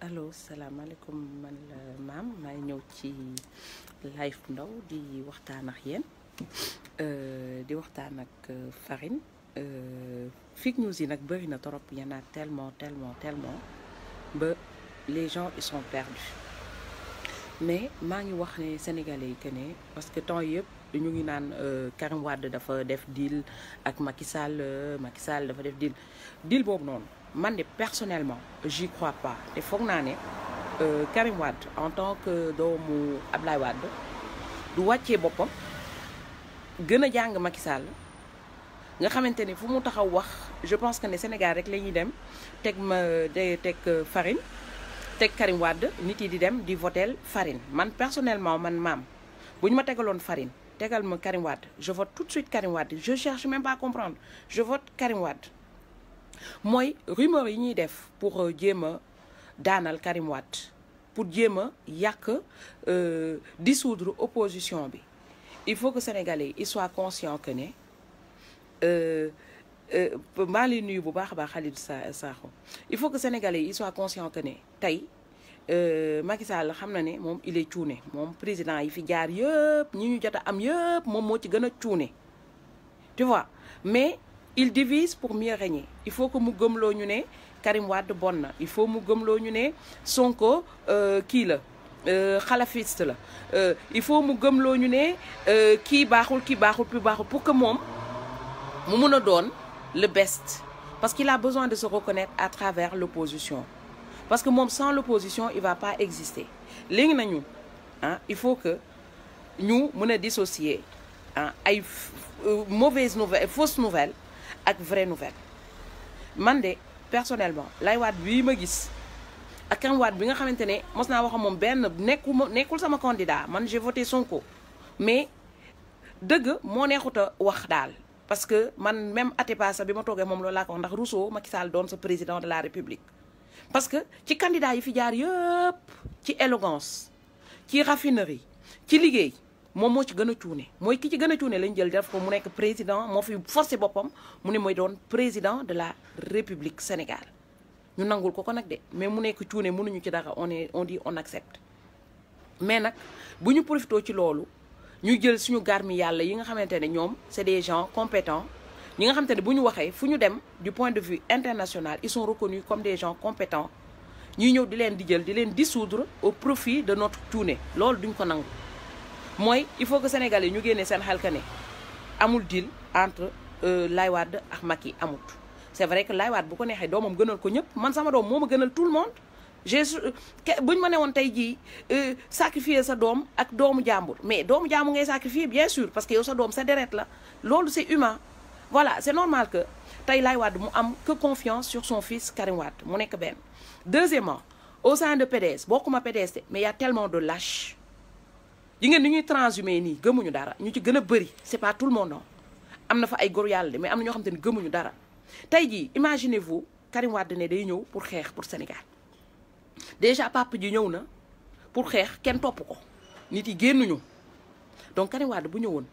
allo salaamaaleykum man la maam maay ñëw ci live ndaw di waxtaan ak yéen euh, di waxtaan ak euh, Farine euh, fake news yi nag bëri na trop y en a tellement tellement tellement ba les gens ils sont perdus mais maa ngi wax ne sénégalais yi que ne parce que temps yëpp ñu ngi naan Karim Wade dafa def dil ak Macky Sall Macky Sall dafa def deal deal boobu noonu. man de personnellement j'y crois pas te foog naa ne euh, Karim Wade en tant que doomu Ablaye Wade du wàccee boppam gën a jàng Macky Sall nga xamante ni fu mu taxaw wax je pense que ne Sénégal rek lañuy dem teg ma teg euh, farine teg Karim Wade nit yi di dem di votel farine man personnellement man maam bu ñu ma tegaloon farine tegal ma Karim Wade je vote tout de suite Karim Wade je cherche même pas à comprendre je vote Karim Wade mooy rumeur yi ñuy def pour euh, jéem a daanal Karim pour jéem a yàq euh, dissoudre opposition bi il faut que sénégalais yi soient que ne euh, maa ngi nuyu bu baax a baax Khalid Sakho il faut que sénégalais yi soient que ne tey Macky Sall xam na ne moom il est cuune moom président yi fi jaar yëpp ñi ñu jot am yëpp moom moo ci gën a cuune tu vois mais. il divise pour mieux régner il faut que mu gëmloo ñu ne Karim Wade bon na il faut mu gëmloo ñu ne Sonko euh, kii la euh, xalafiste la euh, il faut mu gëmloo ñu ne kii baaxul kii baaxul kii baaxul pour que moom mu mun a doon le best parce qu'il a besoin de se reconnaître à travers l'opposition parce que moom sans l'opposition il va pas exister léegi nañu ah il faut que ñu mën a dissocier ah ay mauvaise nouvelle fausse nouvelle ak vraie nouvelle man de personnellement lay waat bii ma gis ak kan waat bi nga xamante ne mos naa wax moom benn nekkuma nekkul sama candidat man j'ai voté Sonko mais dëgg moo neexut a wax daal parce que man même Atepa sax bi ma toogee moom loolu laa ko wax ndax Rousseau Macky Sall doon sa président de la République parce que ci candidat yi fi jaar yëpp ci élégance ci raffinerie ci liggéey moom moo ci gën a cuune mooy ki ci gën a lañ jël def ko mu nekk président moo fi forcé boppam mu ne mooy doon président de la république Sénégal ñu nangul ko ko nag de mais mu nekk cuune mënuñu ci dara on est on dit on accepte mais nag bu ñu profitoo ci loolu ñu jël suñu garmi yàlla yi nga xamante ne ñoom c'est des gens compétents ñi nga xamante ne bu ñu waxee fu ñu dem du point de vue international ils sont reconnus comme des gens compétents ñuy ñëw di leen di jël di leen dissoudre au profit de notre cuune loolu duñ ko nangu mooy il faut que Sénégal yi ñu génne seen xel que ne amul deal entre euh, Laye waad ak Macky amut. c' est vrai que Laye Wade bu ko neexee doomam gënal ko ñëpp man sama doom moo ma gënal tout le monde j'ai buñ ma ne woon tey jii euh, sacrifier sa doom ak doomu jàmbur mais doomu jàmbur ngay sacrifier bien sûr parce que yow sa doom sa deret la loolu c' est humain voilà c' normal que tey Laye Wade mu am que confiance sur son fils Karim Wade mu nekk benn. deuxièmement au sein de PDS bokkuma PDS mais y' a tellement de lâche. yi ngeen ni ñuy transhumé nii gëmuñu dara ñu ci gën a bëri c'est pas tout le monde am na fa ay góor yàlla de mais am na ñoo xam te ne gëmuñu dara tey jii imaginez-vous Karim Wade ne day ñëw pour xeex pour Sénégal déjà papa ji ñëw na pour xeex kenn topp ko nit yi génnuñu donc Karim waad bu ñëwoon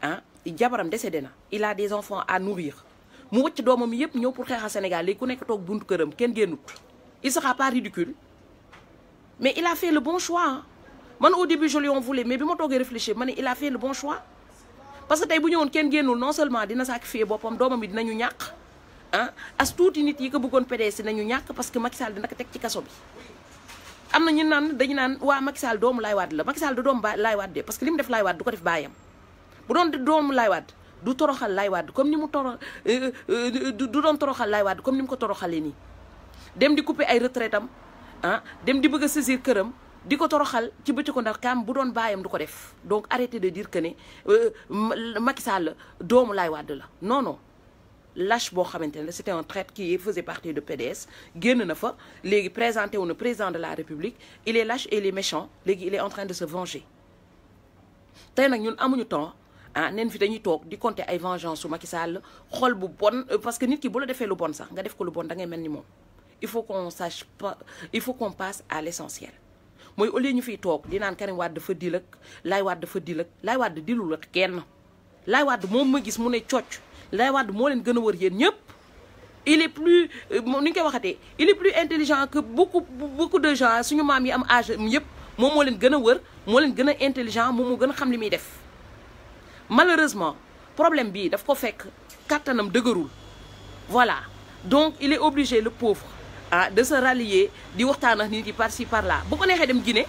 ah jabaram décédé na il a des enfants à nourrir mu wëcc doomam yëpp ñëw pour xeexal Sénégal léegi ku nekk toog buntu këram kenn génnut il sera pas ridicule mais il a man au début je lui en mais bi ma toogee réfléchir ma ne il a fait le bon choix parce que tey bu ñëwoon kenn génnul non seulement dina sacrifier boppam doomam yi dinañu ñàkk ah as tuuti nit yi ko bëggoon PDS dinañu ñàkk parce que Macky Sall dina ko teg ci kaso bi. am na ñu naan dañu naan waa Macky Sall doomu Laye Wade la Macky Sall du doomu ba Laye de parce que li mu def Laye Wade du ko def baayam bu doon doomu Laye waat du toroxal Laye Wade comme ni mu toro euh, euh, du doon toroxal Laye Wade comme ni mu ko toroxalee nii. dem di couper ay retraitam ah dem di bëgg a këram. di ko toroxal ci bëccëgu ndar kaam bu doon baayam du ko def donc arrêtez de dire que ne euh, Macky Sall doomu Laay Wàdd la non non boo xamante ne c'était un traître qui faisait partie de PDS génn na fa léegi présenté wu na président de la République il est lâche et il est méchant léegi il est en train de se venger tey nag ñun amuñu temps ah neen fi dañuy toog di compter ay vengeance su Macky Sall xol bu bon euh, parce que nit ki bu la defee lu bon sax nga def ko lu bon da ngay mel ni moom il faut qu'on sache il faut qu'on à l'essentiel mooy au lieu ñu fiy toog di naan Karim Wade dafa dil ak Laay Wade dafa dil ak Laay Wade dilul ak kenn Laay Wade moom ma gis mu ne cocc Laay Wade moo leen gën a wër yéen ñëpp il est plus euh, ni ñu koy waxatee il est plus intelligent que beaucoup beaucoup de gens suñu maam yi am âge yëpp moom moo leen gën a wër moo leen gën a intelligent moom moo gën a xam li muy def malheureusement problème bii daf ko fekk kàttanam dëgërul voilà donc il est obligé le pauvre ah de se rallier di waxtaan ak nit yi par ci par la bu ko neexee dem Guinée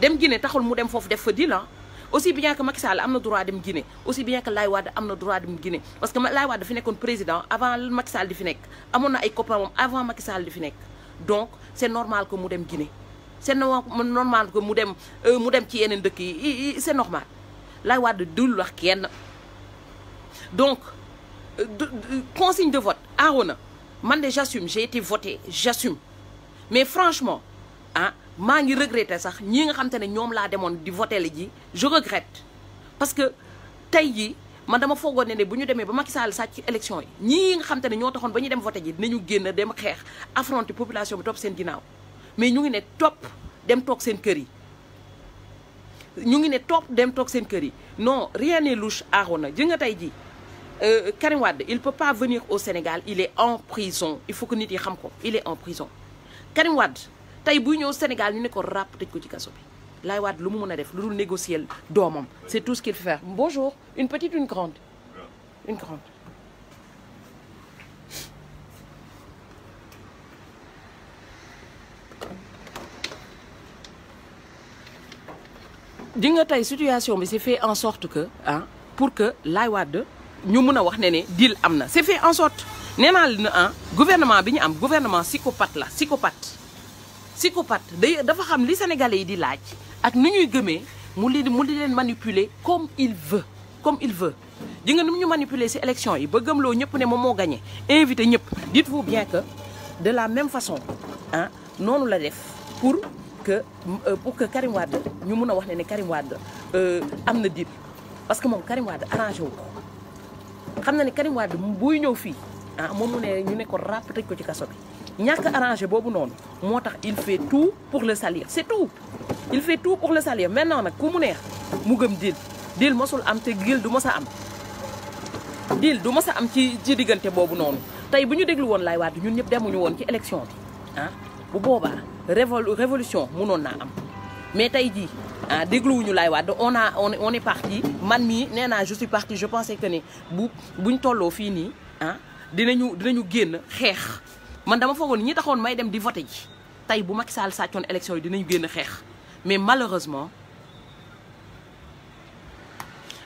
dem Guinée taxul mu dem foofu def fa deal ah. aussi bien que Macky Sall am na droit dem Guinée aussi bien que Laye Wade am na droit dem Guinée parce que Laye Wade dafa nekkoon président avant Macky Sall di fi nekk amoon na ay copains moom avant Macky Sall di fi nekk donc c' normal ko mu dem Guinée c' est normal ko mu dem euh, mu dem ci yeneen dëkk yi c' est normal Laye Wade dul wax kenn donc euh, consigne de vote aaroo na man de j'assume j'ai été voté j'assume mais franchement ah maa ngi regretté sax ñii nga xam te ne ñoom laa demoon di voté la ji je regrette parce que tey jii man dama foogoon ne ne bu ñu demee ba ma Sall sàcc élection yi ñii nga xam te ne ñoo taxoon ba ñuy dem voté ji dinañu génn dem xeex affronter population bi topp seen ginnaaw mais ñu ngi ne topp dem toog seen kër yi ñu ngi ne topp dem toog seen kër yi non rien n'est louche Arona ji nga tey ji Euh, Karim Wade il peut pas venir au Sénégal il est en prison il faut que nit yi xam ko il est en prison Karim Wade tey buy ñëw Sénégal ñu ne ko ràpp tëj ko ci kaso bi Laay Wade lu mu mën a def lu dul négocier doomam c'est tout ce qu'il faut faire bonjour une petite une grande une grande di nga tey situation bi c'est fait en sorte que ah pour que lay Wade ñu mun a wax ne ne dil am na c'est fait en sorte nee na leen ah gouvernement bi ñu am gouvernement psychopathe la psychopathe. psychopathe day dafa xam li sénégalais yi di laaj ak ni ñuy gëmee mu li mu di leen manipuler comme il veut comme il veut. di nga nu ñu manipuler si élection yi ba gëmloo ñëpp ne moom moo gagné invité ñëpp dites-vous bien que de la même façon ah noonu la def pour que euh, pour que Karim ñu mun a wax ne ne Karim Wade euh, am na diir parce que moom Karim Wade arrangé wu xam na ne Karim Wade buy ñëw fii ah moom mu ne ñu ne ko ràpp tëj ko ci kaso bi ñàkk arrangé boobu noonu moo tax il fait tout pour le salir c'est tout il fait tout pour le salir maintenant nag ku mu neex mu gëm deal deal masul am te deal du masa am deal du mos a am ci ci diggante boobu noonu tey bu ñu déglu woon Laay Wade ñun ñëpp ñu woon ci élection bi ah bu boobaa révolution mënoon naa am mais tey jii ah dégluwuñu Laye waad on a on on est parti man mii neena naa je suis parti je pensais que ne bu buñ tolloo fii nii ah dinañu dinañu génn xeex man dama foogoon ñi taxoon may dem di vote ji tey bu Macky Sall sàccoon élection yi dinañu génn xeex mais malheureusement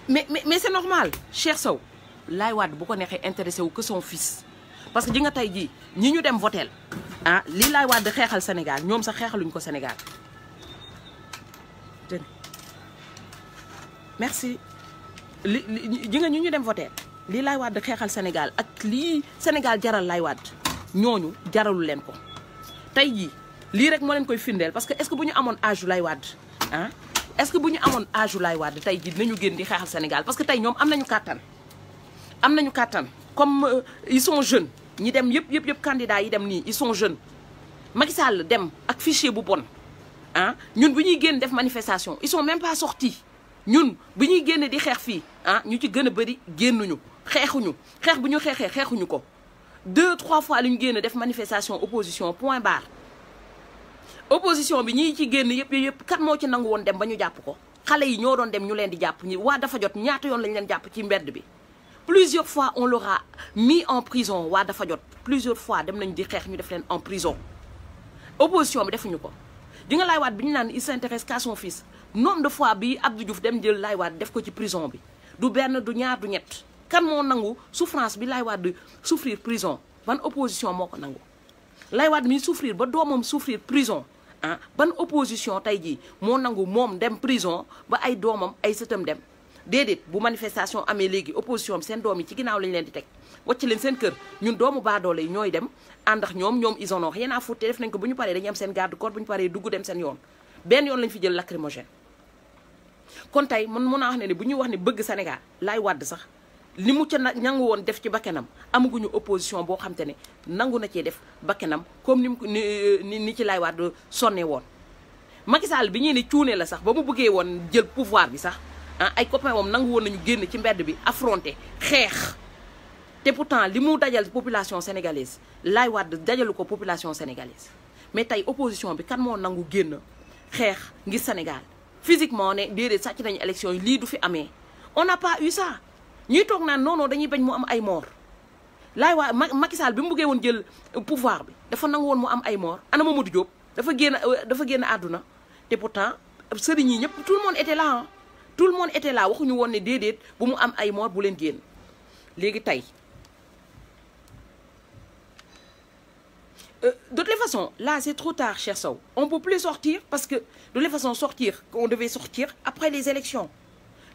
mais mais mais c'est normal Cheikh Sow Laye Wade bu ko neexee intéressé wu que son fils parce que ji nga tey jii ñi ñu dem votel ah li Laye Wade xeexal Sénégal ñoom sax xeexaluñ ko Sénégal tenue merci li ji nga ñu ñu dem voté lii Laay Wàdd xeexal Sénégal ak lii Sénégal jaral Laay Wàdd ñooñu jaralu leen ko tey jii lii rek moo leen koy firndeel parce que est-ce que bu ñu amoon âge Laay Wàdd ah est-ce bu ñu amoon âge Laay Wàdd tey jii dinañu génn di xeexal Sénégal parce que tey ñoom am nañu kàttan am nañu kàttan comme euh, ils sont jeunes ñi dem yëpp yëpp yëpp candidats yi dem nii ils sont jeunes Macky dem ak fichier bu bon ah ñun bu ñuy génn def manifestation ils sont même pas sortis ñun bu ñuy génne di xeex fii ah ñu ci gën a bëri génnuñu xeexuñu xeex bu ñu xeexee xeexuñu ko deux trois fois lu ñu génn def manifestation opposition point barre opposition bi ñu ci génn yëpp yëpp kat moo ci nangu woon dem ba ñu jàpp ko xale yi ñoo doon dem ñu leen di jàpp ñi waa dafa jot ñaata yoon lañu leen jàpp ci mbedd bi plusieurs fois on l'aura mis en prison waa dafa jot plusieurs fois dem nañ di xeex ñu def leen en prison opposition bi defuñu ko di nga waat bi ñu naan il s'intéresse qu'à son fils nombre de fois bi Abdou Diouf dem jël waat def ko ci prison bi du benn du ñaar du ñett kan moo nangu souffrance bi laay laywaat di souffrir prison ban opposition moo ko nangu waat mi souffrir ba doomam souffrir prison ah ban opposition tey jii moo nangu moom dem prison ba ay doomam ay sëtam dem déedéet bu manifestation amee léegi opposition bi seen doom yi ci ginnaaw lañ leen di teg wàcc leen seen kër ñun doomu baadoole yi ñooy dem ànd ak ñoom ñoom isono en ont rien def nañ ko bu ñu paree dañuy am seen garde corps bu ñu paree dugg dem seen yoon benn yoon lañ fi jël lacrymogène kon tey man mun naa wax ne ne bu ñuy wax ne bëgg Sénégal laay wàdd sax li mu ca nangu woon def ci bakkanam amaguñu opposition boo xam ne nangu na cee def comme ni mu ni ni ci laay wàdd sonne woon Macky bi ñuy ne cuune la sax ba mu bëggee woon jël pouvoir bi sax ah ay copain wam nangu woon nañu génn ci mbedd bi affronté xeex te temps li mu dajal population sénégalaise Laay Wàdd dajalu ko population sénégalaise mais tey opposition bi kan moo nangu génn xeex ngir Sénégal physiquement ne déedéet sàcc nañu élection yi lii du fi amee on n'a pas eu ça ñuy toog naan non dañuy bañ mu am ay mort Laay Wàdd Macky Sall bi mu buggee woon jël euh, pouvoir bi dafa nangu woon mu am ay mort ana Mamadou Diop dafa génn euh, dafa génn àdduna te pourtant sëriñ yi ñëpp le monde était tout le monde était là waxuñu woon ne déedéet bu mu am ay mort bu leen génn léegi tey euh, de toutes les façons là c'est trop tard cher Sow on peut plus sortir parce que de toutes les façons sortir on devait sortir après les élections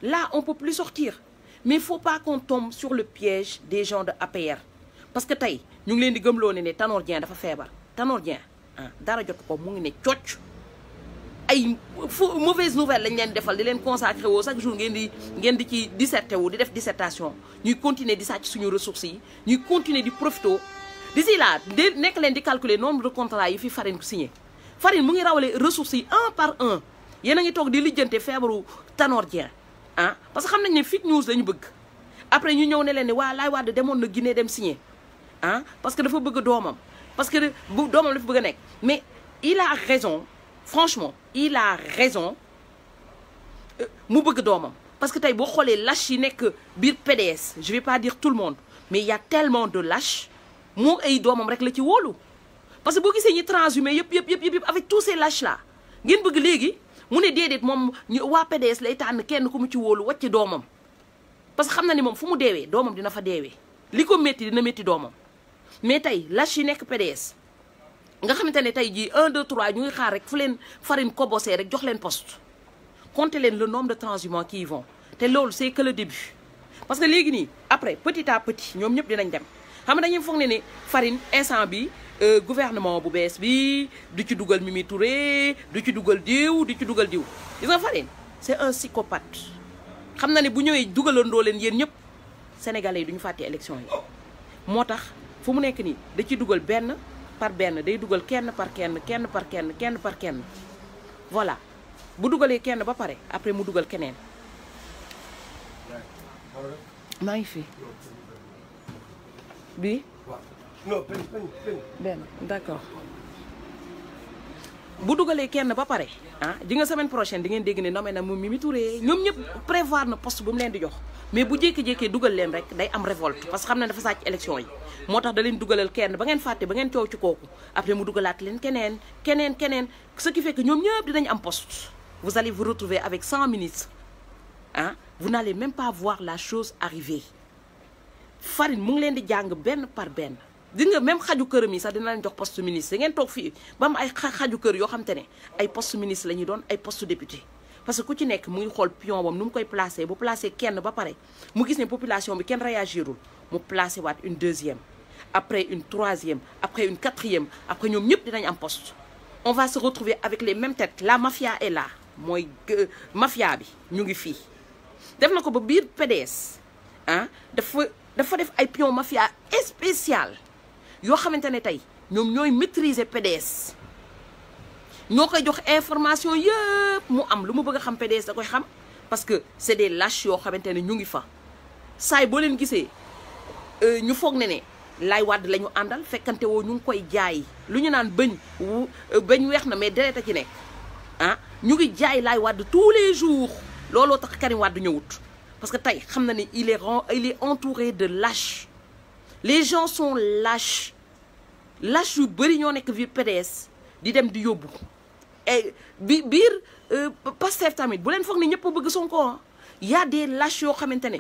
là on peut plus sortir mais il faut pas qu'on tombe sur le piège des gens de APR parce que tey ñu ngi leen di gëmloo ne ne Tanor Dieng dafa feebar Tanor Dieng ah, dara jot ko mu ngi ne cocc ay mauvaise nouvelle lañ leen defal di leen consacré woo chaque jour ngeen di ngeen di ci disserté wu di def dissertation ñuy continuer di sàcc suñu ressources yi ñuy continuer di profito si là de nekk leen di calculer nombre de contrats yi fi Farine ko signé Farine mu ngi rawale ressources un par un yéen a ngi toog di lijjante feebaru Tanor Dieng ah parce que xam nañ ne fake news lañu bëgg après ñu ñëw ne leen ne waa Laay Wade demoon na Guinée dem signé ah parce que dafa bëgg doomam parce que bu doomam dafa bëgg a nekk mais il a raison franchement il a raison euh, mu bëgg doomam parce que tey boo xoolee lâche yi nekk biir PDS je vais pas dire tout le monde mais il y a tellement de lache moo ay doomam rek la ci woolu parce que boo gisee ñi transhumé yëpp yëpp yëpp yëpp avec tous ces lâches là ngeen bëgg léegi mu ne déedéet moom ñu waa PDS lay tànn kenn ku mu ci wóolu wàcc doomam parce que xam na ni moom fu mu deewee doomam dina fa deewee li ko métti dina métti doomam mais tey lâche yi nekk PDS nga xamante ne tey jii 1 2 3 ñu ngi xaar rek fu leen farine kobosee rek jox leen poste compter leen le nombre de transhumants qui y vont te loolu c'est que le début parce que léegi nii après petit à petit ñoom ñëpp dinañ dem xam nga dañuy foog ne ne farine instant bi euh, gouvernement bu bees bi du ci dugal Mimi Touré du ci dugal diw di ci dugal diw gis nga farine c'est un psychopathe xam na ne bu ñëwee dugalandoo leen yéen ñëpp sénégalais yi du ñu fàtte élection yi moo tax fu mu nekk nii da ci dugal benn par benn day dugal kenn par kenn kenn par kenn kenn par kenn voilà bu dugalee kenn ba pare après mu dugal keneen maa ngi fi bii benn d'accord bu dugalee kenn ba pare ah ji nga semaine prochaine di ngeen dégg ne nommé na moom mi Touré ñoom ñëpp prévoir na poste bu mu leen di jox mais bu jékki-jékkee dugal leen rek day am révolte parce que xam na dafa sàcc élection yi moo tax da leen dugalal kenn ba ngeen fàtte ba ngeen coow ci après mu dugalaat leen keneen keneen keneen ce qui fekk que ñoom ñëpp dinañ am poste vous allez vous retrouver avec 100 ministres ah vous n'allez même pas voir la chose arriver Farine mu ngi leen di jàng benn par benn di nga même xaju këram yi sax dina leen jox poste ministre ngeen toog fii ba am ay xaju kër yoo xam te ne ay post ministre la ñuy doon ay poste député parce que ku ci nekk mu ngi xool pion bam nu mu koy placé bu placé kenn ba pare mu gis ne population bi kenn réagirul mu placé waat une deuxième après une troisième après une quatrième après ñoom ñëpp dinañ am poste on va se retrouver avec les mêmes têtes la mafia est là mooy mafia bi ñu ngi fii def na ko ba biir PDS ah dafa dafa def ay pion mafia spécial yoo xamante ne tey ñoom ñooy maîtriser PDS ñoo koy jox information yëpp mu am lu mu bëgg a xam PDS da koy xam parce que c'est des lâches yoo xamante ne ñu ngi fa saay boo leen gisee euh, ñu foog ne ne laay wàdd lañu ñu àndal fekkante woo ñu ngi koy jaay lu ñu naan bëñ euh, bëñ weex na mais deret a ci nekk ah ñu ngi jaay laay wàdd tous les jours looloo tax Karim Wade ñëwut parce que tey xam na ne il est il est entouré de lâches les gens son lâches lâches yu bëri ñoo nekk biir PDS di dem di yóbbu bi biir euh, Pastef tamit bu leen foog ni ñëpp a bëgg Sonko ah y yoo xamante ne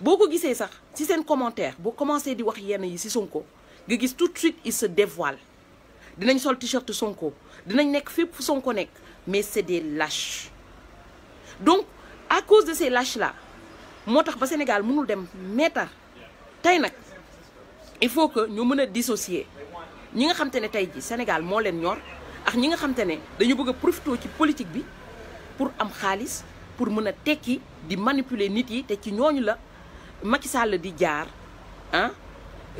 boo ko gisee sax ci seen commentaire boo commencé di wax yenn yi ci Sonko nga gis tout de suite il se dévoile dinañ sol t-shirt Sonko dinañ nekk fépp fu Sonko nekk mais c'est des lâches donc à cause de ces lâches là moo tax ba Sénégal mënul dem meetar tey nag. il faut que ñu mën a dissocier ñi nga xam te ne tey ji Sénégal moo leen ñor ak ñi nga xam te ne dañu bëgg a profité ci politique bi pour am xaalis pour mën a tekki di manipuler nit yi te ci ñooñu la Macky Sall di jaar ah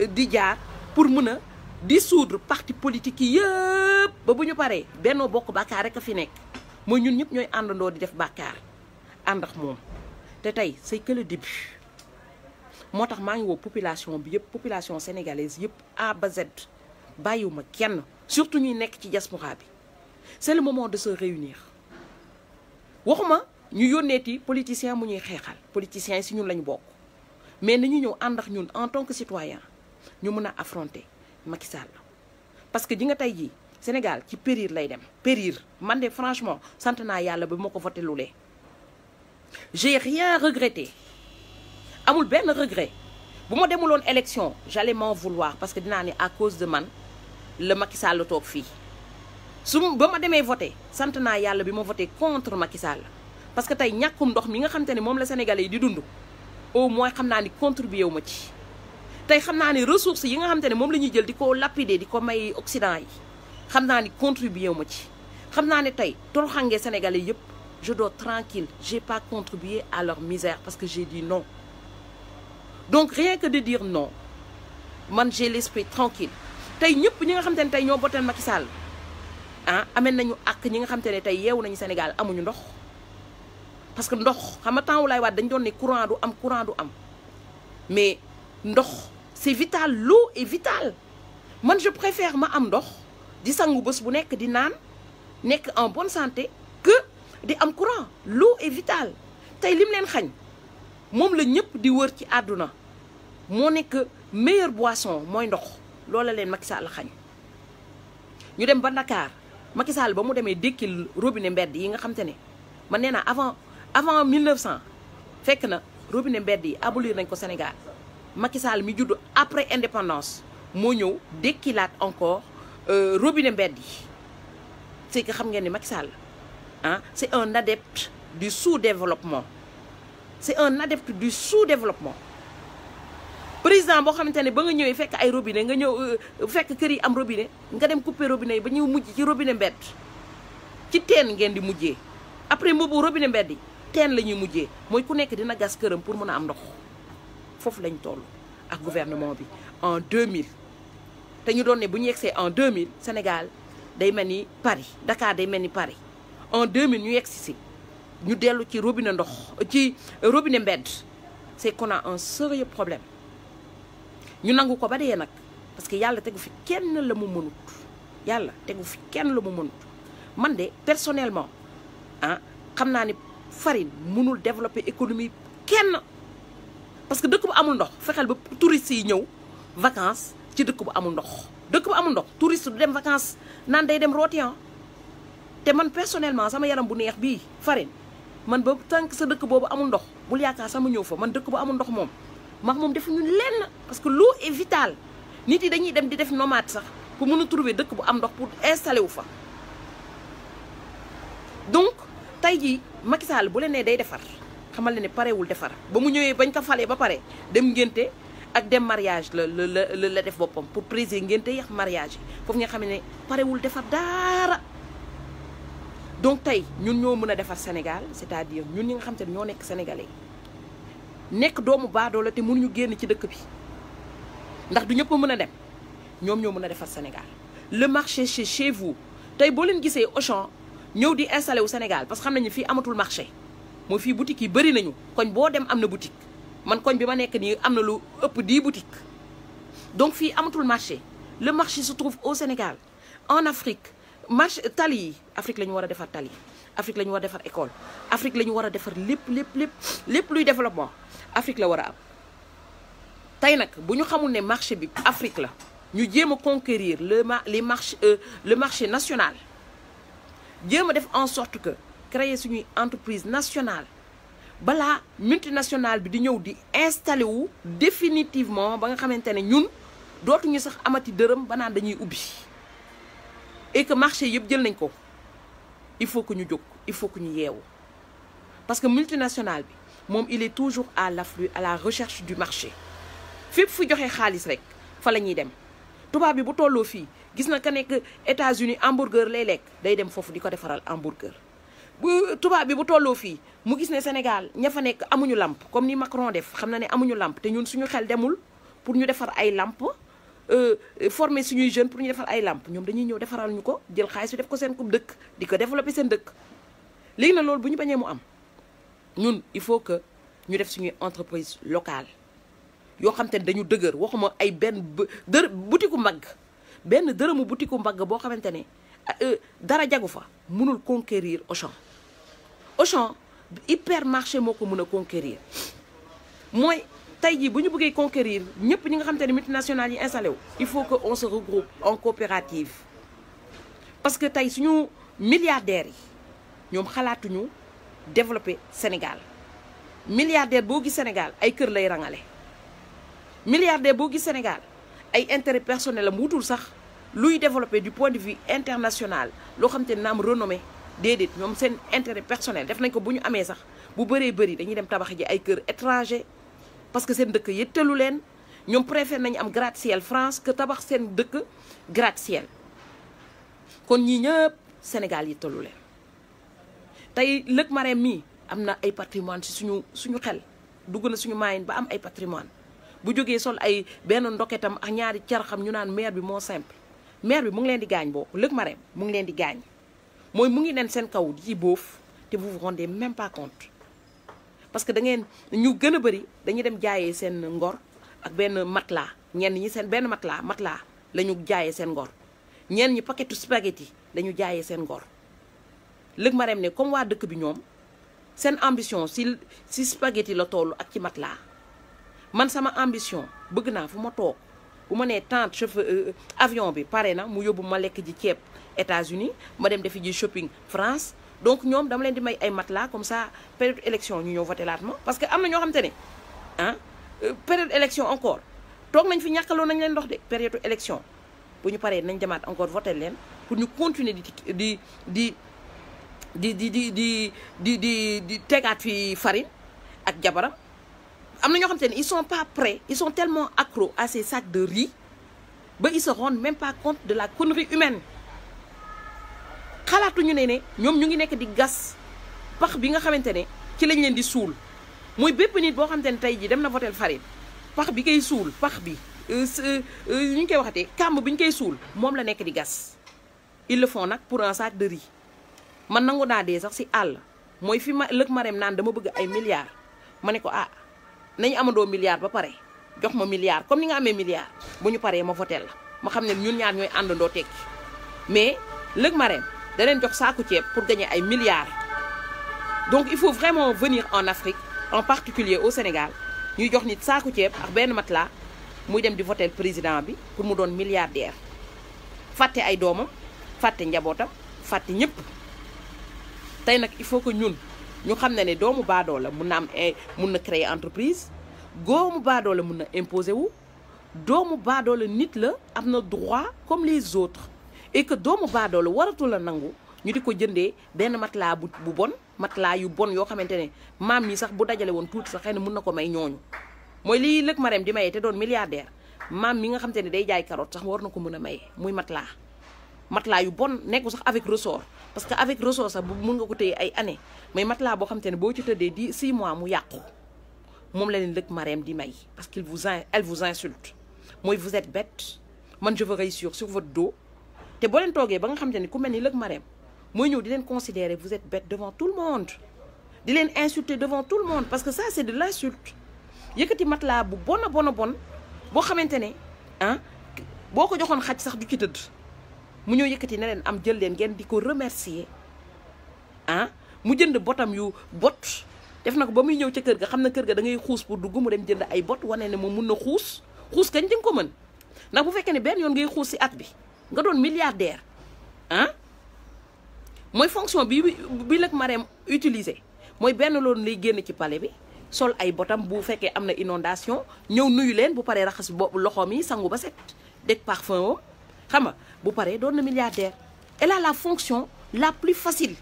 di jaar pour mën a dissoudre parti politique yi yëpp ba bu ñu paree Benno Bokk Bakaar rek a fi nekk mooy ñun ñëpp ñooy àndandoo di def bàkkaar ànd ak moom te tey c'est que le début moo tax maa ngi woo population bi yëpp population sénégalaise yëpp A ba Z ma kenn surtout ñuy nekk ci diaspora bi c'est le moment de se réunir waxuma ñu yónneeti politicien mu ñuy xeexal politiciens yi si ñun lañu bokk mais na nañu ñëw ànd ak ñun en tant que citoyen ñu mën a affronter Macky Sall parce que ji nga tey jii Sénégal ci périr lay dem périr man de franchement sant naa yàlla ba ma ko voté lulee j'ai rien regretté amul benn regret bu ma demuloon élection j'allais m'en vouloir parce que dinaa ni à cause de man la Macky Sall toog fii su ba ma demee voté sant naa yàlla bi ma voté contre Macky Sall parce que tey ñàkkum ndox mi nga xam ne moom la Sénégalais yi di dund au moins xam naa ni contribué wu ma ci tey xam naa ni ressources yi nga xam te ne moom la ñuy jël di ko lapider di ko may Occident yi xam naa ni contribué wu ma ci xam naa ne tey toroxange Sénégalais yëpp je dois tranquille j'ai pas contribué à leur misère parce que j'ai dit non donc rien que de dire non man j'ai l'esprit tranquille tey ñëpp ñi nga xam xamante ne tey ñoo botteel Macky Sall ah amee nañu ak ñi nga xamante ne tey yeewu nañu Sénégal amuñu ndox parce que ndox xam nga temps wu waat dañ doon ne courant du am courant du am mais ndox c'est vital l'eau est vitale man je préfère ma am ndox di sangu bës bu nekk di naan nekk en bonne santé que di am courant l'eau est vitale tey lim leen xañ moom la ñëpp di wër ci àdduna moo nekk meilleure boisson mooy ndox loola leen Macky Sall xañ ñu dem ba ndakaar Macky ba mu demee dékkil robine mbedd yi nga xam ni ne man nee naa avant avant 1900 fekk na robinet mbedd yi abolir nañ ko Sénégal Macky mi judd après indépendance moo ñëw dékkilaat encore euh, robine mbedd yi c'est que xam ngeen ni Macky Sall ah c'est un adepte du sous-développement c'est un adepte du sous-développement président boo xamante ne ba nga ñëwee fekk ay robinet nga ñëw euh, fekk kër yi am robinet nga dem couper robinet yi ba ñuy mujj ci robinet mbedd ci teen ngeen di mujjee après boobu robinet mbedd yi teen la ñuy mujjee mooy ku nekk dina gas këram pour mun a am ndox foofu lañ toll ak gouvernement bi en 2000 te ñu doon ne bu ñu yegsee en mille Sénégal day mel ni Paris Dakar day mel ni Paris en 2000 ñu yegsi si ñu dellu ci robine ndox ci robine mbedd c'est qu'on a un sérieux problème ñu nangu ko ba dee nag parce que yàlla tegu fi kenn la mu mënut yàlla tegu fi kenn la mu mënut man de personnellement ah xam naa ni farine munul développer économie kenn parce que dëkk bu amul ndox fexeel ba touristes yi ñëw vacances ci dëkk bu amul ndox dëkk bu amul ndox touriste du dem vacances naan day dem rooti ah. te man personnellement sama yaram bu neex bii farine man ba tànk sa dëkk boobu amul ndox bul yaakaar sama ñëw fa man dëkk ba amul ndox moom max moom defu defuñu lenn parce que l'eau est nit yi dañuy dem di def nomade sax pour mën a trouver dëkk bu am ndox pour installer wu fa donc tey jii Macky bu leen nee day defar xamal ne parewul defar ba mu ñëwee bañ ko falee ba pare dem ngénte ak dem mariage la la la la def boppam pour présider ngénte yax mariage yi foofu nga xam ne parewul defar daara donc tey ñun ñoo mën a defar Sénégal c'est-à-dire ñun ñi nga xam te ne ñoo nekk sénégalais nekk doomu baadoo la te ñu génn ci dëkk bi ndax du ñëpp mën a dem ñoom ñoo mën a defar Sénégal le marché chez chez tey boo leen gisee Auchan ñëw di installé wu Sénégal parce que xam nañu fii amatul marché mooy fii boutique yi bëri nañu koñ boo dem am na boutique man koñ bi ma nekk nii am na lu ëpp di boutiques donc fii amatul marché le marché se trouve au Sénégal en Afrique marché tali yi Afrique la war a defar tali Afrique la ñu war a defar école Afrique la ñu war a defar lépp lépp lépp lépp luy développement Afrique la war a am tey nag bu ñu xamul ne marché bi Afrique la ñu jéem a conquérir le ma les marché euh, le marché national jéem a def en sorte que créer suñuy entreprise nationale balaa multinationale bi di ñëw di installé wu définitivement ba nga xamante ne ñun dootuñu sax amati dërëm ba naan dañuy ubbi. et que marché yëpp jël nañ ko il faut que ñu jóg il faut que ñu yeewu parce que multinationale bi moom il est toujours à l'afflux à la recherche du marché fépp fu joxe xaalis rek fa la ñuy dem tubaab bi bu tolloo fii gis na ka nekk États-Unis hamburger lay lekk day dem foofu di ko defaral hamburger bu tubaab bi bu tolloo fii mu gis ne Sénégal ña fa nekk amuñu làmp comme ni Macron def xam na ne amuñu làmp te ñun suñu xel demul pour ñu defar ay làmp Euh, former suñuy jeunes pour ñu defal ay làmp ñoom dañuy ñëw defaral ñu ko jël xaalis bi def ko seen kub dëkk di ko développer seen dëkk léegi na loolu bu ñu bañee mu am ñun il faut que ñu def suñuy entreprise locale yoo xam te ne dañu dëgër waxuma ay benn dër butiku mbagg benn dërëmu butiku mbagg boo xamante ne ah, euh, dara jagu fa mënul conquérir Auchan Auchan hypermarché moo ko mun a conquérir mooy tey jii bu ñu bëggee conquérir ñëpp ñu nga xam te ne multinationales yi installé wu il faut que on se regroupe en coopérative parce que tey suñu milliardaires yi ñoom xalaatuñu développer Sénégal milliardaire boo gis Sénégal ay kër lay rangale milliardaire boo gis Sénégal ay intérêt personnel am wutul sax luy développer du point de vie international loo xam te ne naam renommé déedéet ñoom seen intérêt personnel def nañ ko bu ñu amee sax bu bëree bëri dañuy dem tabax ji ay kër étranger parce que seen dëkk yëttalu leen ñoom préfère nañu am gratte-ciel France que tabax seen dëkk gratte-ciel kon ñii ñëpp Sénégal yëttalu leen tey Luc Marème mii am na ay patrimoine ci suñu suñu xel dugg na suñu maayin ba am ay patrimoine bu jógee sol ay benn ndoketam ak ñaari caraxam ñu naan maire bi moo simple maire bi mu ngi leen di gaañ boo Luc Marème mu ngi leen di gaañ mooy mu ngi nen seen kaw di ci boof te vous vous rendez même pas compte parce que da ngeen ñu gën a bëri dañuy dem jaaye seen ngor ak benn matelas ñenn ñi seen benn matelas matelas la ñu jaayee seen ngor ñeen ñi paquetu spaghetti la ñu jaayee seen ngor lëg mareem ne comme waa dëkk bi ñoom seen ambition si si spaghetti la toll ak ci matelas man sama ambition bëgg naa fu ma toog bu ma nee tant chauffeur euh, avion bi pare na mu yóbbu ma lekk ji ceeb États-Unis ma dem defi ji shopping France donc ñoom dama leen di may ay matelas comme ça période élection ñu ñëw voté laat ma parce que am na ñoo xamante ne ah période élection encore toog nañ fi ñàkkaloo nañ leen ndox de période élection bu ñu paree nañ demaat encore voté leen pour ñu continuer di di di di di di di di di di tegaat fi farine ak jabaram am na ñoo xamante ne ils sont pas prêts ils sont tellement accros à ces sacs de riz ba ils se rendent même pas compte de la connerie humaine xalaatuñu ne ne ñoom ñu ngi nekk di gas pax bi nga xamante ne ci lañ leen di suul mooy bépp nit boo xamante ne tey jii dem na votel Farid pax bi koy suul pax bi euh, euh, euh, ñu koy waxatee kàmb bi ñu koy suul moom la nekk di gas ils le font nag pour un sac de riz man nangu naa dee sax si àll mooy fi ma lëg ma rem naan dama bëgg ay milliards ma ne ko ah nañu amandoo milliards ba pare jox ma milliards comme ni nga amee milliards bu ñu paree ma votel la ma xam ne ñun ñaar ñooy àndandoo tekki mais lëg ma da jox saaku ceeb pour gagner ay milliards donc il faut vraiment venir en Afrique en particulier au Sénégal ñuy jox nit saaku ceeb ak benn matelas muy dem di voter président bi pour mu doon milliardaire fàtte ay doomam fàtte njabootam fàtte ñëpp tey nag il faut que ñun ñu xam ne ne doomu baadoo la mun na am e, mun na créer entreprise doomu baadoo la mun na imposer wu doomu baadoo la nit la am na droit comme les autres et que doomu baadoola waratu la nangu ñu di ko jëndee benn matelas bu bu bon matelas yu bon yoo xamante ne maam yi sax bu dajale woon tuuti sax xëy na mun na ko may ñooñu mooy lii lëg mareem di mayee te doon milliardaire maam mi nga xamante ne day jaay carotte sax war na ko mën a maye muy matelas matelas yu bon nekku sax avec ressort parce que avec ressort sax bu mun nga ko téye ay année mais boo xamante ne boo ci tëddee di 6 mois mu yàqu moom la leen lëg di may parce qu'il vous elle vous insulte mooy vous êtes bête man je veux réussir sur votre dos te boo leen toogee ba nga xam xamante ni ku mel ni lëg mareem mooy ñëw di leen considérer vous êtes bête devant tout le monde di leen insulter devant tout le monde parce que ça c'est de l'insulte yëkkati matelas bu bon a bon a bon boo xamante ne ah boo ko joxoon xaj sax du ki tëdd mu ñëw yëkkati ne leen am jël leen ngeen di ko remercier ah mu jënd botam yu bot def na ko ba muy ñëw ca kër ga xam na kër ga da ngay xuus pour dugg mu dem jënd ay bot wane ne moom mun na xuus xuus kañ di ko mën ndax bu fekkee ne benn yoon ngay xuus si at bi nga doon milliardaire ah mooy fonction bi bi lëg Marème utiliser mooy benn loolu lay génn ci pale bi sol ay botam bu fekkee am na inondation ñëw nuyu leen bu paree raxas boobu loxoom yi sangu ba set deg parfum wam xam nga bu paree doon na milliardaire elle la fonction la plus facile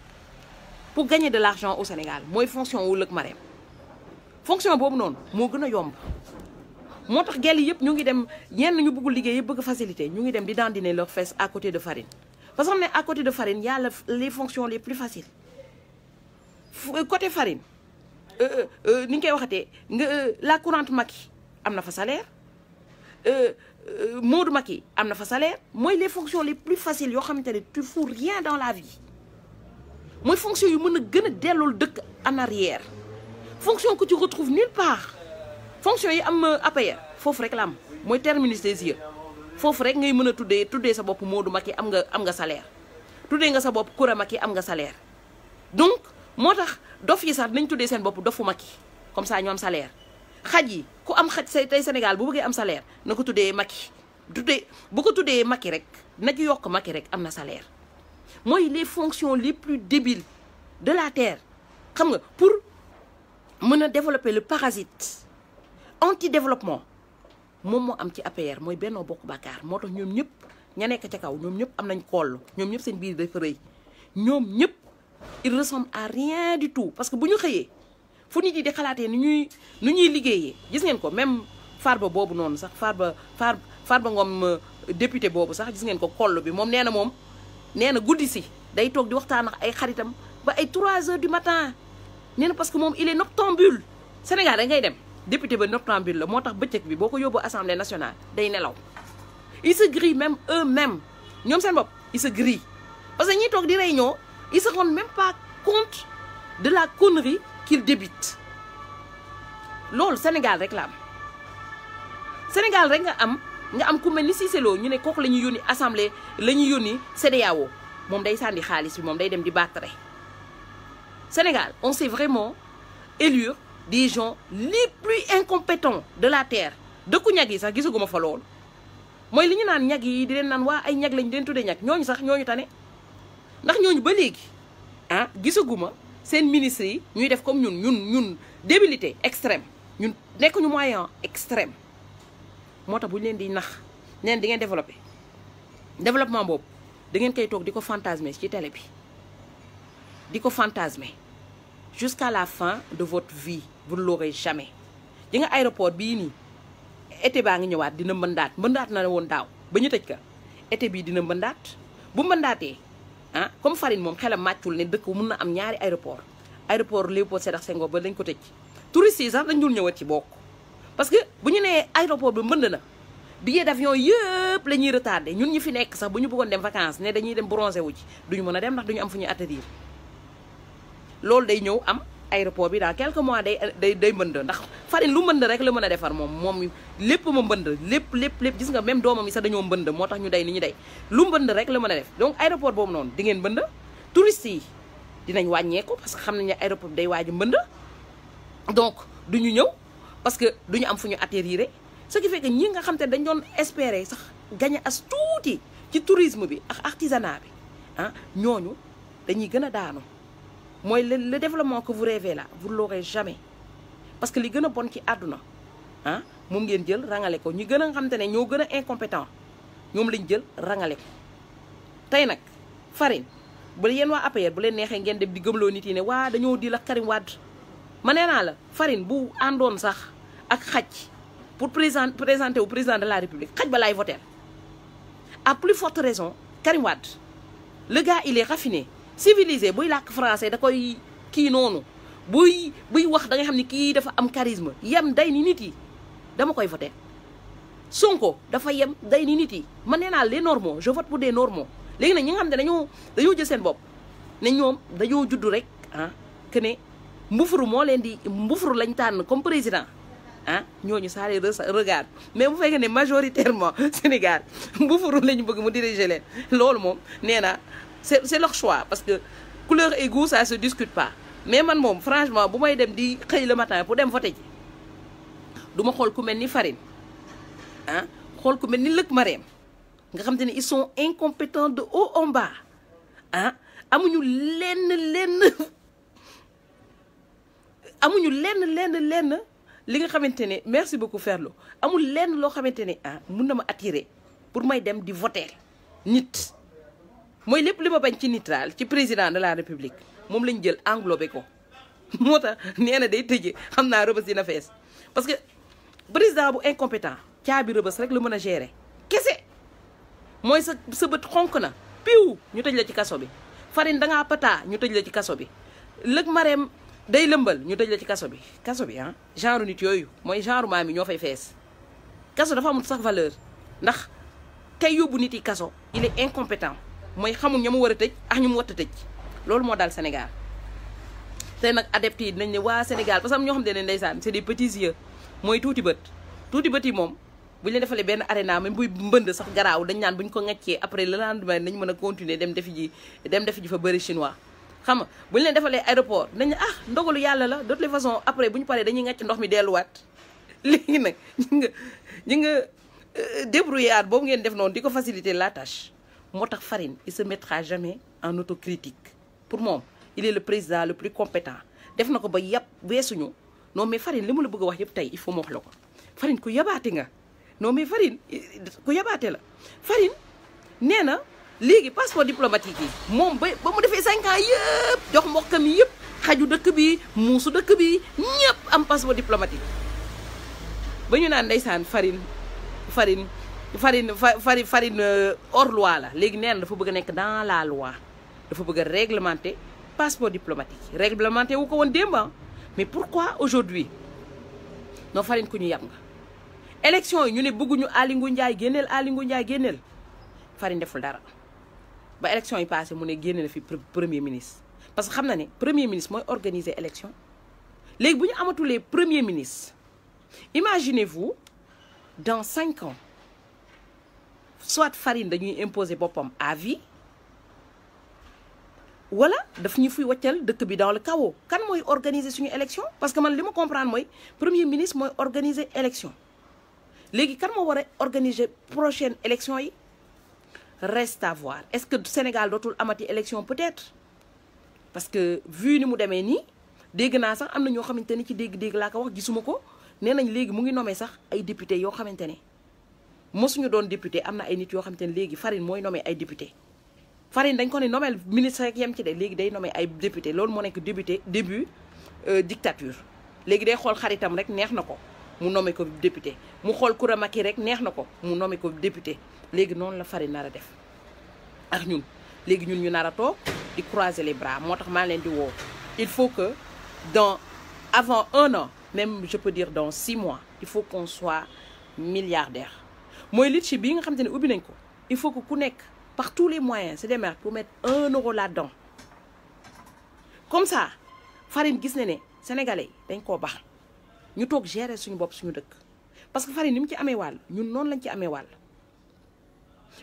pour gagner de l'argent au Sénégal mooy fonction wu lëg Marème fonction boobu noonu moo gën a yomb moo tax gel yi yëpp ñu ngi dem ñenn ñu bëggul liggéey yëpp bëgg facilité ñu ngi dem di dandiner leur fesse à côté de farine parce que xam ne à côté de farine y a les fonctions les plus faciles euh, côté farine euh, euh, ni ñu koy waxatee nga la courante Macky am na fa salaire Modou Macky am na fa salaire mooy les fonctions les plus faciles yoo xamante ne tu fous rien dans la vie mooy fonction yu mën a gën a dellul dëkk en arrière fonction que tu retrouves nulle part fonction yi am APR foofu rek la am mooy terminus des foofu rek ngay mën a tuddee tuddee sa bopp Modou Macky am nga am nga salaire tuddee nga sa bopp Koura Macky am nga salaire donc moo tax dof yi sax nañ tuddee seen bopp dofu Macky comme ça ñu am xaj yi ku am xaj say tey Sénégal bu bëggee am salaire na ko tuddee Macky tuddee bu ko tuddee Macky rek na ci yokk Macky rek am na salaire mooy les fonctions les plus débiles de la terre xam nga pour mën a développer le parasite anti développement moom moo am ci APR mooy Benno Bokk Yaakaar moo tax ñoom ñëpp ña nekk ca kaw ñoom ñëpp am nañ koll ñoom ñëpp seen biir dafa rëy ñoom ñëpp il ressemble à rien du tout parce que bu ñu xëyee fu nit yi di xalaatee nu ñuy nu liggéeyee gis ngeen ko même farba boobu noonu sax farba far farba ngoom euh, député boobu sax gis ngeen ko koll bi moom nee na moom nee na guddi si day toog di waxtaan ak ay xaritam ba ay trois heures du matin nee na parce que moom il est noctambule Sénégal da dem député ba noctambule la moo tax bëccëg bi boo ko yóbbu assemblée nationale day nelaw ils se grillent même eux-mêmes ñoom seen bopp ils se grillent parce que ñiy toog di réunion ils se rendent même pas compte de la connerie qu'ils débitent loolu Sénégal rek la am Sénégal rek nga am nga am ku mel ni Cissé ñu ne kook la ñuy yónni assemblée la ñuy yónni CEDEAO moom day sànni xaalis bi moom day dem di battre Sénégal on s'est vraiment élure des gens les plus incompétents de la terre dëkku ñag yi sax gisaguma fa loolu mooy li ñu naan ñag yi di leen naan waa ay ñag lañ leen tuddee ñag ñooñu sax ñooñu tane ndax ñooñu ba léegi ah gisaguma seen ministres yi ñuy def comme ñun ñun ñun débilité extrême ñun nekk ñu moyen extrême moo tax bu ñu leen di nax neen di ngeen développé développement boobu da ngeen koy toog di ko fantasmer ci télé bi di ko fantasmer jusqu'à la fin de votre vie vous ne l'aurez jamais ji nga aéroport bii nii été baa ngi ñëwaat dina mbëndaat mbëndaat na woon daaw ba ñu tëj ka été bii dina mbëndaat bu mbëndaatee ah comme Farine moom xelam màccul ne dëkk mun na am ñaari aéroport aéroport Léopold Sédar Senghor ba dañ ko tëj touristes yi sax dañ dul ñëwaat ci bokk parce que bu ñu nee aéroport bi mbënd na billet d'avion yëpp la ñuy retardé ñun ñi fi nekk sax bu ñu bëggoon dem vacances ne dañuy dem bronzé wu ci duñu mën a dem ndax duñu am fu ñuy loolu day ñëw am aéroport bi dans quelques mois day day day mbënd ndax farine lu mbënd rek la mën a defar moom moom lépp ma mbënd lépp lépp lépp gis nga même doomam yi sax dañoo mbënd moo tax ñu day ni ñu day lu mbënd rek la mën a def donc aéroport boobu noonu di ngeen mbënd touristes yi dinañ wàññeeku parce que xam nañu ne aéroport bi day waaj mbënd donc du ñu ñëw parce que du ñu am fu ñu atterrir ce qui fait que ñi nga xam te dañ doon espérer sax gagné as tuuti ci tourisme bi ak artisanat bi ah ñooñu dañuy gën a daanu mooy le développement que vous rêvez là vous l'aurez jamais parce que li gën a bon ci àdduna ah moom ngeen jël rangale ko ñi gën a xam te ne ñoo gën a incompétent ñoom lañ jël rangale ko tey nag Farine bu yéen waa APR bu leen neexee ngeen dem di gëmloo nit yi ne waa dañoo di la Karim Wade ma ne naa la Farine bu àndoon sax ak xaj pour présent présenter wu président de la République xaj ba laay voter à plus forte raison Karim Wade le gars il est civilisé buy làkk français da koy kii noonu buy buy wax da nga xam ni kii dafa am charisme yem day ni nit yi dama koy voté Sonko dafa yem day ni nit yi man nee naa les normaux je vote pour des normaux léegi nag ñi xam ne dañoo dañoo jël seen bopp ne ñoom dañoo juddu rek ah que ne mbufuru moo leen di mbufuru lañ tànn comme président ah ñooñu saa leen regarde mais bu fekkee ne majoritairement Sénégal mbufuru lañu bëgg mu diriger leen loolu moom nee na c'est c'est leur choix parce que couleur et goût ça se discute pas mais man moom franchement bu may dem di xëy le matin bu dem voter ji duma xool ku mel ni farin ah xool ku mel ni Lëg Mareem nga xam ne ils sont incompétents de haut en bas ah amuñu lenn lenn amuñu lenn lenn lenn li nga xamante ne merci beaucoup Ferlo amul lenn loo xamante ne ah mun na ma attirer pour may dem di voter nit. mooy lépp li ma bañ ci nit ci président de la république moom lañ jël englobé ko moo tax nee na day tëje xam naa rëbës dina fees parce que président bu incompétent caabi rëbës rek la mën a gérer kese mooy sa sa bët xonk na piw ñu tëj la ci kaso bi farine dangaa pataa ñu tëj la ci kaso bi lëg mareem day lëmbal ñu tëj la ci kaso bi kaso bi ah genre nit yooyu mooy genre maam yi ñoo fay fees kaso dafa amul sax valeur ndax kay yóbbu nit yi kaso il incompétent mooy xamul ña mu war a tëj ak ñu mu war a tëj loolu moo daal Sénégal te nag adepte yi dinañ ne waa Sénégal parce que am ñoo xam ne ndeysaan c'est des petits yeux mooy tuuti bët tuuti bët yi moom bu ñu la benn arena même buy mbënd sax garaaw dañ naan bu ñu ko ŋàccee après le lendemain nañ mën a continuer dem defi ji dem defi ji bëri chinois xam nga bu ñu leen defalee aéroport nañ ne ah ndogalu yàlla la de toute façon après bu ñu paree dañuy ŋàcc ndox mi delluwaat léegi nag ñi nga ñi nga euh, débrouillard boobu ngeen def noonu di ko faciliter la tâche moo tax Farine il se mettra jamais en autocritique pour moom il est le président le plus compétent def na ko ba yab weesuñu non mais Farine li mu la bëgg a wax yëpp tey il faut ma wax ko Farine ku yabaate nga non mais Farine ku yabaate la Farine nee na léegi passeport diplomatique yi moom ba ba mu defee cinq ans yëpp jox mbokkam yi yëpp xaju dëkk bi muusu dëkk bi ñëpp am passeport diplomatique ba ñu naan ndeysaan Farine Farine farine farine farine euh, or loi la léegi nee na dafa bëgg a nekk dans la loi dafa bëgg a réglementer passeport diplomatique réglementer wu ko woon démb mais pourquoi aujourd'hui noo farine ku ñu yàpp nga. élection yi ñu ne bëgguñu Aliou Ndiaye génneel Aliou Ndiaye génneel farine deful dara ba élection yi passé mu ne génne na fi premier ministre parce que xam na ne premier ministre mooy organiser élection léegi bu ñu amatulee premier ministre imaginez-vous dans cinq ans. soit Farine dañuy imposer boppam à vie wala daf ñu fuy wàccal dëkk bi dans le chaos kan mooy organiser suñu élection parce que man li ma comprendre mooy premier ministre mooy organiser élection léegi kan moo war a organiser prochaine élection yi reste à voir est-ce que Sénégal dootul amati élection peut-être parce que vu ni mu demee nii dégg naa sax am na ñoo xamante ni ci dégg-dégg laa ko wax gisuma ko nee nañ léegi mu ngi nommé sax ay député yoo xamante ne mosuñu doon député am na ay nit yoo xam te léegi Farine mooy nommé ay député Farine dañ ko ne nommé ministre rek yem ci de léegi day nommé ay député loolu moo nekk débuté début euh, dictature léegi day xool xaritam rek neex na ko mu nommé ko député mu xool Kouramaki rek neex na ko mu nommé ko député léegi noonu la Farine nar a def ak ñun léegi ñun ñu nar a toog di croiser les bras moo tax maa leen di woo il faut que dans avant un an même je peux dire dans six mois il faut qu'on soit milliardaire mooy leadership bi nga xam xamante ni ubbi nañ ko il faut que ku nekk par tous les moyens se démarque pour mettre un euro la dedans comme ça Farine gis na ne sénégalais dañ koo bax ñu toog gérer suñu bopp suñu dëkk parce que Farine ni mu ci amee wàll ñun noonu lañ ci amee wàll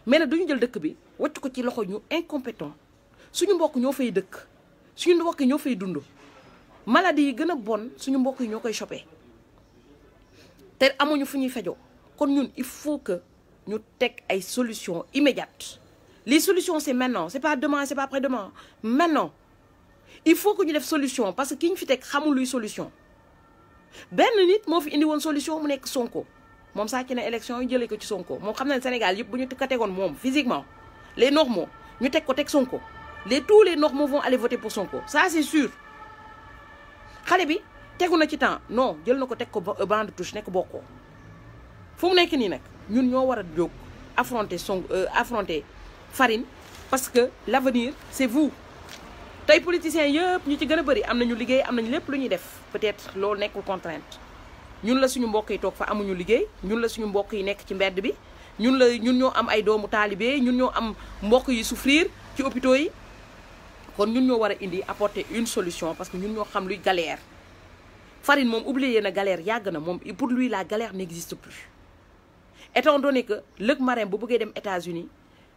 mais nag duñu jël dëkk bi wacc ko ci loxo ñu incompétent suñu mbokk ñoo fay dëkk suñu mbokk ñoo fay dund maladie yi gën a bon suñu mbokk yi ñoo koy chopé te amuñu fu ñuy fejoo kon ñun il faut que ñu teg ay solutions immédiates les solution c'est maintenant c'est pas demain c'est pas après-demain maintenant il faut que ñu def solution parce que ki ñu fi teg xamul luy solution benn nit moo fi indi woon solution mu nekk Sonko moom sàcc na élection yi jëlee ko ci Sonko moom xam na ne Sénégal yëpp bu ñu ko tegoon moom physiquement les normaux ñu teg ko teg Sonko les tous les normaux vont aller voter pour Sonko ça c'est sûr xale bi tegu na ci temps non jël na ko teg ko bande touche nekk bokkoo fu mu nekk nii nag ñun ñoo war a jóg affronter son euh, affronter Farine parce que l' avenir c' est vous tey politiciens yëpp ñu ci gën a bëri am nañu liggéey am nañu lépp lu ñuy def peut-être loolu nekkul contrainte ñun la suñu mbokk yi toog fa amuñu liggéey ñun la suñu mbokk yi nekk ci mbedd bi ñun la ñun ñoo am ay doomu taalibe ñun ñoo am mbokk yi souffrir ci hôpitaux yi kon ñun ñoo war a indi apporter une solution parce que ñun ñoo xam luy galère Farine moom oublié na galère yàgg na moom pour lui la galère n'existe étant donné que Luc Marin bu buggee dem États-Unis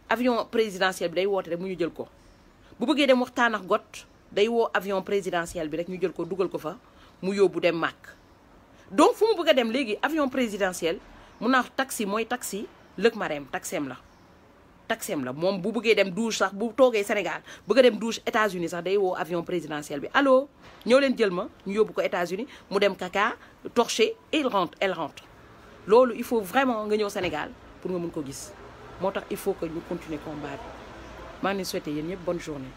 avion présidentiel bi day woote rek mu ñu jël ko bu buggee dem waxtaan ak got day woo avion présidentiel bi rek ñu jël ko dugal ko fa mu yóbbu dem màkk donc fu mu bëgg a dem léegi avion présidentiel mun naa taxi mooy taxi Luc Marin taxeem la taxeem la moom bu bëggee dem douche sax bu toogee Sénégal bëgg a dem douche États-Unis sax day woo avion présidentiel bi allo ñëw leen jël ma ñu yóbbu ko États-Unis mu dem kaka torché il rentre loolu il faut vraiment nga ñëw Sénégal pour nga mun ko gis moo tax il faut que ñu continuer combat bi maa ngi souhaité yéen yëpp bonne journée